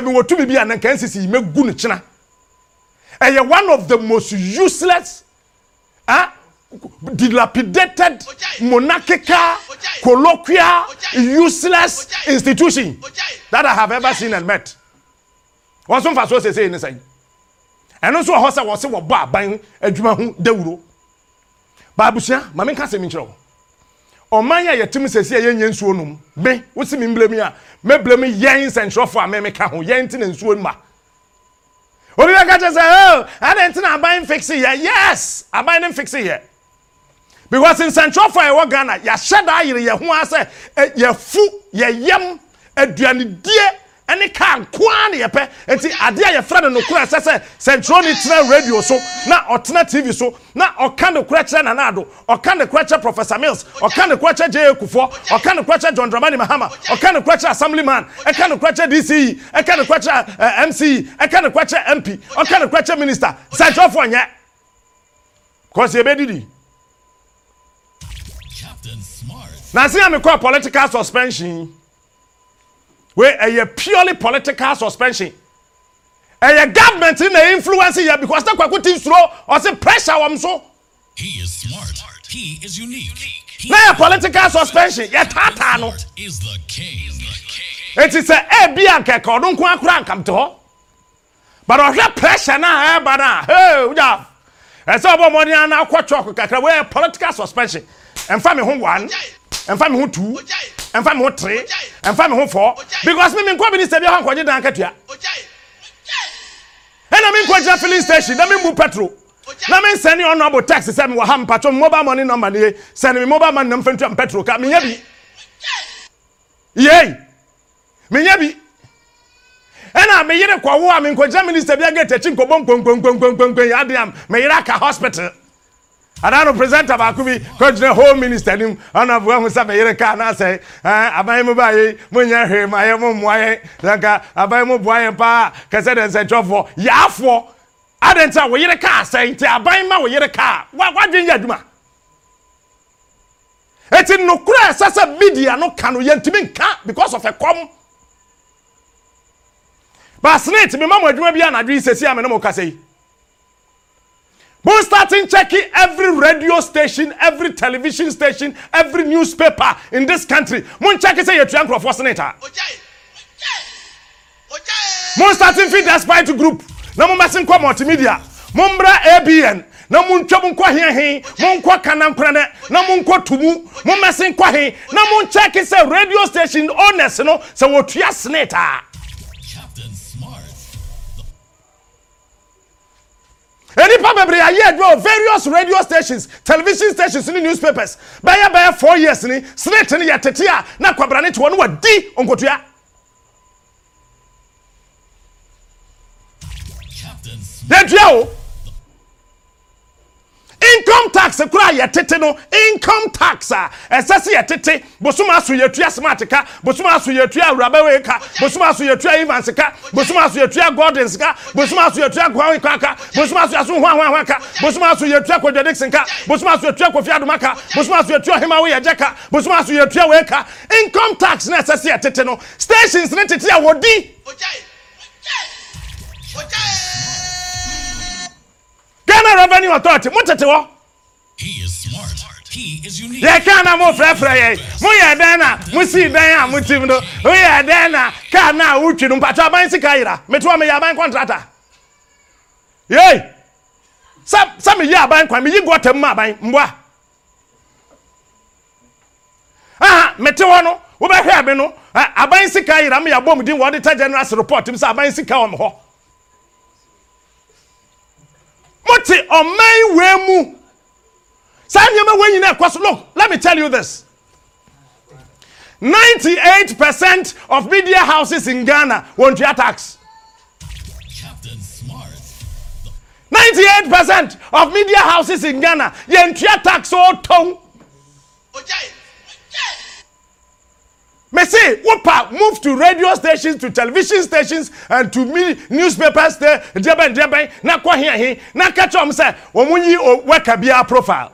sɛ mi bi a nanka nsisi yi mɛ gu ne kyena ɛyɛ one of the most useless ah dilapidated monarchical colloquial useless institution that I have ever seen and met wọn so nfa so sese yi ne sɛn ɛno nso wɔ hɔ sɛ wɔsi wɔ bɔ aban adwuma ho dawuro baabusua maame nka sɛ mi nkyerɛ wɔn ɔman a yɛtem sɛsi a yɛnyɛ nsuo nom me wosi mi mblem a meblem yɛn nsɛnkyerɛfoɔ a mɛmɛ ka ho yɛn ti na nsuo ma obi bɛ ka kyerɛ sɛ oh ti na aban fiksi yɛ yes aban ne fiksi yɛ because nsɛnkyerɛfoɔ a yɛwɔ ghana yɛahyɛ daa e, yere yɛ ho asɛ yɛfu yɛyam aduanedie ɛne kaa nkoa ne yɛpɛ nti adeɛ a yɛfrɛ no nokorɛ ɛsɛ sɛ sɛnkyerɛni tena radio so na ɔtena tv so na ɔka nokorɛ kyerɛ nanaado ɔka nokorɛ kyerɛ professor mills ɔka nokorɛ kyerɛ jɛ kufoɔ ɔka nokorɛ kyerɛ john dramani mahama ɔka nokorɛ kyerɛ assembly man ɛka nokorɛ kyerɛ dce ɛka nokorɛ kyerɛ eh, uh, eh, mce ɛka nokorɛ kyerɛ mp ɔka nokorɛ kyerɛ minister sɛnkyerɛfoɔ nyɛ kɔsi ebedidi na se a mekɔ political suspension wey ɛyɛ purely political suspension ɛyɛ government na influence yɛ because na kwaku ti nsuro ɔsi pressure wɔm so. he is smart he is unique. na yɛ eh, uh, eh, political suspension yɛ taataa no. eti sɛ ebi akɛkɛ ɔdo nko akora nkamte hɔ but ɔhwɛ pressure na ɛɛba na hey wúdà ɛsɛ ɔbɔ mɔden ana akɔ chalk kakra wɔyɛ political suspension ɛnfa mi ho one ɛnfa mi ho two. ɛnfa mi ho tere ɛnfa mi ho fɔ because mi mi nkɔ minister bi ahɔ nkɔgye dan akatua ɛna mi nkɔ gyina filling station na mi mbu petrol na mi nsɛn ni honourable tax sɛ mi wɔ ha mpatso mobile money number ni ye sɛn mobile money number fɛn petrol ka mi nya yei mi nya bi ɛna mi yere wo a mi nkɔ gyina minister bi agate akyi nkɔ bɔ nkpɔnkpɔnkpɔnkpɔnkpɔn yɛ adi am mi yere aka hospital. anaano presenta baako bi kɔgyina home minister nim ɔna boa ho sɛ meyere ka anaasɛ eh, aban mu baa yei monyɛ hwee ma yɛ mommoa yɛn sɛnka aban mu boa yɛn paa kɛsɛ dɛ nsɛntwerɛfoɔ yaafoɔ adɛn nti a woyere kaa sɛn nti aban ma woyere kaa woadwen yɛ adwuma ɛti nokorɛ ɛsɛ sɛ midia no ka no yantumi nka because of ɛkɔm basenetimi ma mo adwuma bi anadwe yi sɛsi a me ne yi Bone starting checking every radio station, every television station, every newspaper in this country. Moon check say you're trying for senator. Moon starting feed the spy to group. Now moon messing with multimedia. Moon bra ABN. Now moon chobun kwa hiya hi. Moon kwa kanam prane. Na moon kwa tumu. Moon messing kwa hi. Now moon check say radio station owners, you know, so what you senator. nipa bebree ayé aduro various radio stations television stations ni newspapers bẹyẹ bẹyẹ four years ni slate ni yẹ tètè a na kwabrani tiwọn ni wà di nkotua. dẹ́tuya o income tax kura yɛtete no income tax a ɛsɛ sɛ yɛtete bosom aso yɛtua smart ka bosom aso yɛtua awurabawei ka bosom aso yɛtua evans ka bosom aso yɛtua gordons ka bosom aso yɛtua kwawe ka ka bosom aso yɛso hoahoahoa ka bosom aso yɛtua kwadwa dixon ka bosom aso yɛtua kofi adoma ka bosom aso yɛtua hema wo yɛgya ka bosom aso yɛtua wei ka income tax na ɛsɛ sɛ yɛtete no stations ne tete a wɔdi. Okay. Okay. Okay revenue authority mo tètè wɔ. yɛkaa na mo frɛfrɛ yɛ moyɛ dɛn na mosii dɛn a motim no woyɛ dɛn na kaa na a wotwi no mpatwa aban sika yera metoa meyɛ aban kɔntrata yei sɛ meyi aban kwan meyi gɔtam ma aban mboa aha mete hɔ no wobɛhwɛ me no eh, aban sika yera meyɛ bɔ mu din wɔde ta general report m sɛ aban sika wɔ me hɔ mote ɔman wee mu saa nneɛma wee nyinaa ɛkɔ so look let me tell you this ninety eight percent of media houses in ghana wɔn tua tax ninety eight percent of media houses in ghana yɛn tua tax o tɔn mese wopa move to radio stations to television stations and to mini newspapers There, deɛbɛn deɛbɛn na kɔ hin ahin na kɛtɛ wɔn sɛ wɔn yi o wɛka profile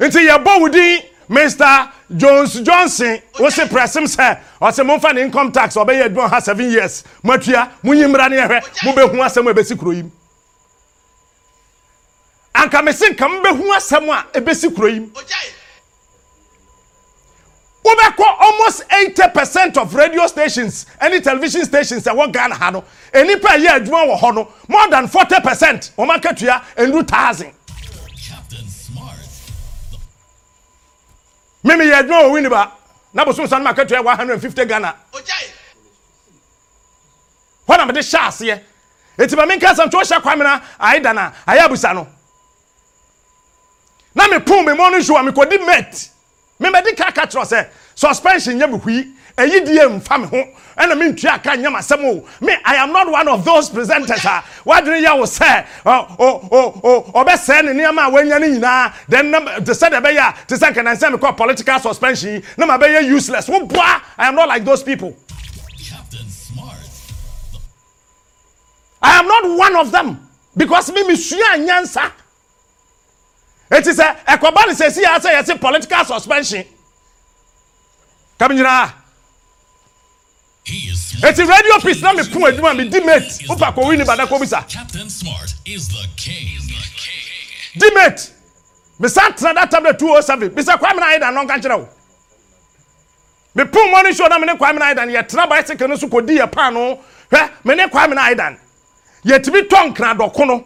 nti yɛbɔ wo din mr jones johnson wosi prɛsim sɛ ɔsi mo nfa ne income tax ɔbɛyɛ adwuma ha seven years mo atua mo yi mmira ne yɛhwɛ mo bɛ hu anka mese nka mo bɛ hu asɛm a ebesi kuro yi mu wobɛkɔ almost eighty percent of radio stations ɛne television stations ɛwɔ ghana ha no enipa yɛ adwuma wɔ hɔ no more than forty percent wɔn akatua ndu thousand. mímí yɛ adwuma wɔ winiba. na bosom sanum akatua one hundred and fifty ghana hɔ na mo de hyɛ aseɛ eti maame nkasa ntɔ hyɛ kwamina ayi dana ayi abusa no na mi pum mi mɔ no nsuwa mi kɔ di mate memɛde ka ka kyerɛ sɛ suspension nyɛ me hwii ɛyi deɛ mfa me ho ɛna mentua aka nyɛ masɛm o me i am not one of those presenters ah. a woadwene yɛ wo sɛ ɔbɛsɛe ne nneɛma a woanya no nyinaa then te sɛ deɛ ɛbɛyɛ a te sɛ nkɛnansɛ mekɔ political suspension yi na mabɛyɛ useless woboa i am not like those people i am not one of them because me mesua nyansa eti sɛ ɛkɔba ne sɛ si yɛ asɛ yɛsi political suspension kam nyinaa eti radio peace na mi kun adwuma mi di mate upa kò win ni bada kò bisa di mate misa tena da tablet two oh seven misa kwame na ayida nɔnka kyerɛ o mi pun morning show na mi ne kwame na ayida yɛ tena bicycle no so kò di yɛ paano hwɛ mi ne kwame na ayida yɛtumi tɔ nkran dɔkono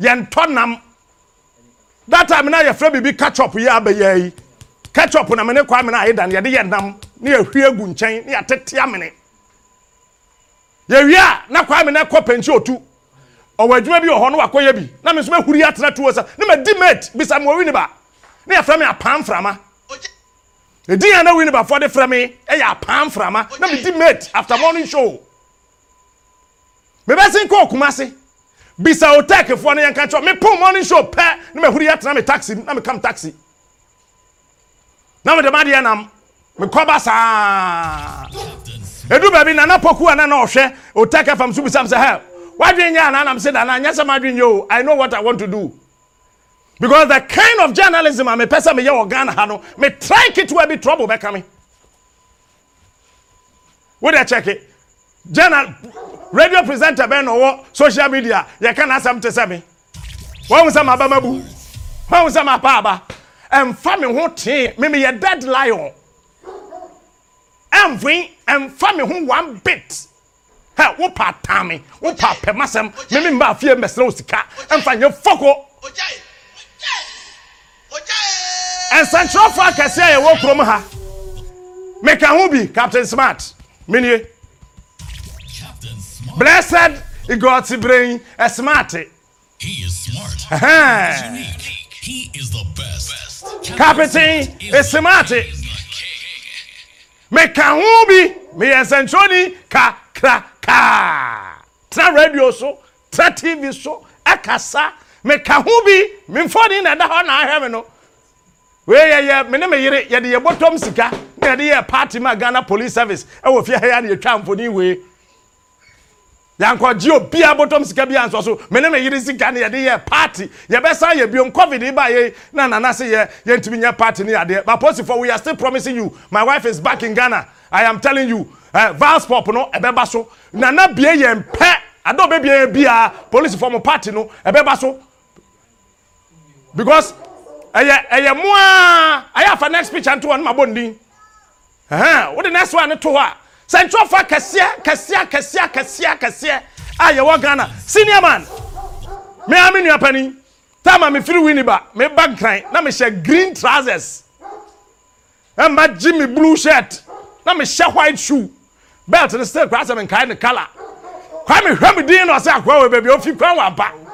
yɛntɔ nam that time na yɛfrɛ biribi ketchup yi abɛyɛ yi ketchup na mene kwa mene ayeda yɛde yɛ nam ne yɛhwie agu nkyɛn ne yɛtete amene yɛwie a na kwa mene kɔ pɛnkyi otu ɔwɔ adwuma bi wɔ hɔ no wakɔyɛ bi na me nso mahuri atena tuo sa ne madi mate bisa ma ɔwi ne ba ne yɛfrɛ me apam frama ɛdin a na wi ne bafoɔ de frɛ me ɛyɛ apam frama na medi mate after morning show mebɛsen kɔ ɔkuma se bisa o tech fo no yɛnka kyɛ me pon morning show pe. na mahuri yɛtena me taxi na mekam taxi na mede madeɛ nam mekɔba saa ɛdu baabi nana poku na na ɔhwɛ o tech fam so bisam sɛ hɛ wadwen nyɛ ana nam sɛ da na nyɛ sɛ madwen yɛ i know what i want to do because the kind of journalism a mepɛ sɛ meyɛ wɔ ghana ha no metrae ketewa bi trouble bɛka me check it general radio presenter bɛn na social media yɛka n'asɛm te sɛ mi wɔn sɛ ma ba ma bu wɔn sɛ ma pa aba ɛnfa mi ho tee mimi yɛ dead lion ɛnfin ɛnfa mi ho one bit hɛ wo pa ataami wo pa pɛmasɛm mimi mba afie mbɛsɛn o sika ɛnfa nye foko ɛnsɛnkyerɛfo akɛse a yɛwɔ kurom ha meka ho bi captain smart minie blessed igoti brain ẹ smart. he is smart. Uh -huh. He is unique. He is the best. Captain is smart. Meka ho bi ka nsɛnkyerɛni kakraka tena radio so tena tv so akasa e me kahubi bi me mfoni na ɛda hɔ na ahwɛ me no wei yɛyɛ me ne me yere yɛde bottom sika na yɛde yɛ party ma ghana police service ɛwɔ e fie ha yɛ a na yɛtwa mfoni wei yankɔgye obia botɔm sika bi ansɔ so mene me yere sika ne yɛde yɛ party yɛbɛsan yɛ biom covid ba yɛ na nana se yɛ yɛntumi nyɛ party ne yadeɛ but for we are still promising you my wife is back in ghana i am telling you uh, vals pop no ɛbɛba so nana bie yɛn pɛ ada obɛbie yɛn bia polisifoɔ mo party no ɛbɛba so because ɛyɛ ɛyɛ moa ayɛ afa next picture nto hɔ no ma bɔ ndin ɛhɛn wode next one to hɔ a sɛntwerɛfoɔ akɛseɛ kɛseɛ kɛseɛ kɛseɛ kɛseɛ a yɛwɔ ghana senior man me a me nua panin taama mefiri winiba meba nkran na mehyɛ green trousers ɛma gye me blue shirt na mehyɛ white shoe belt no still kora sɛ menkae ne colour kwa mehwɛ me din na ɔsɛ akoa wɔ baabi a ɔfi kwan wɔ aba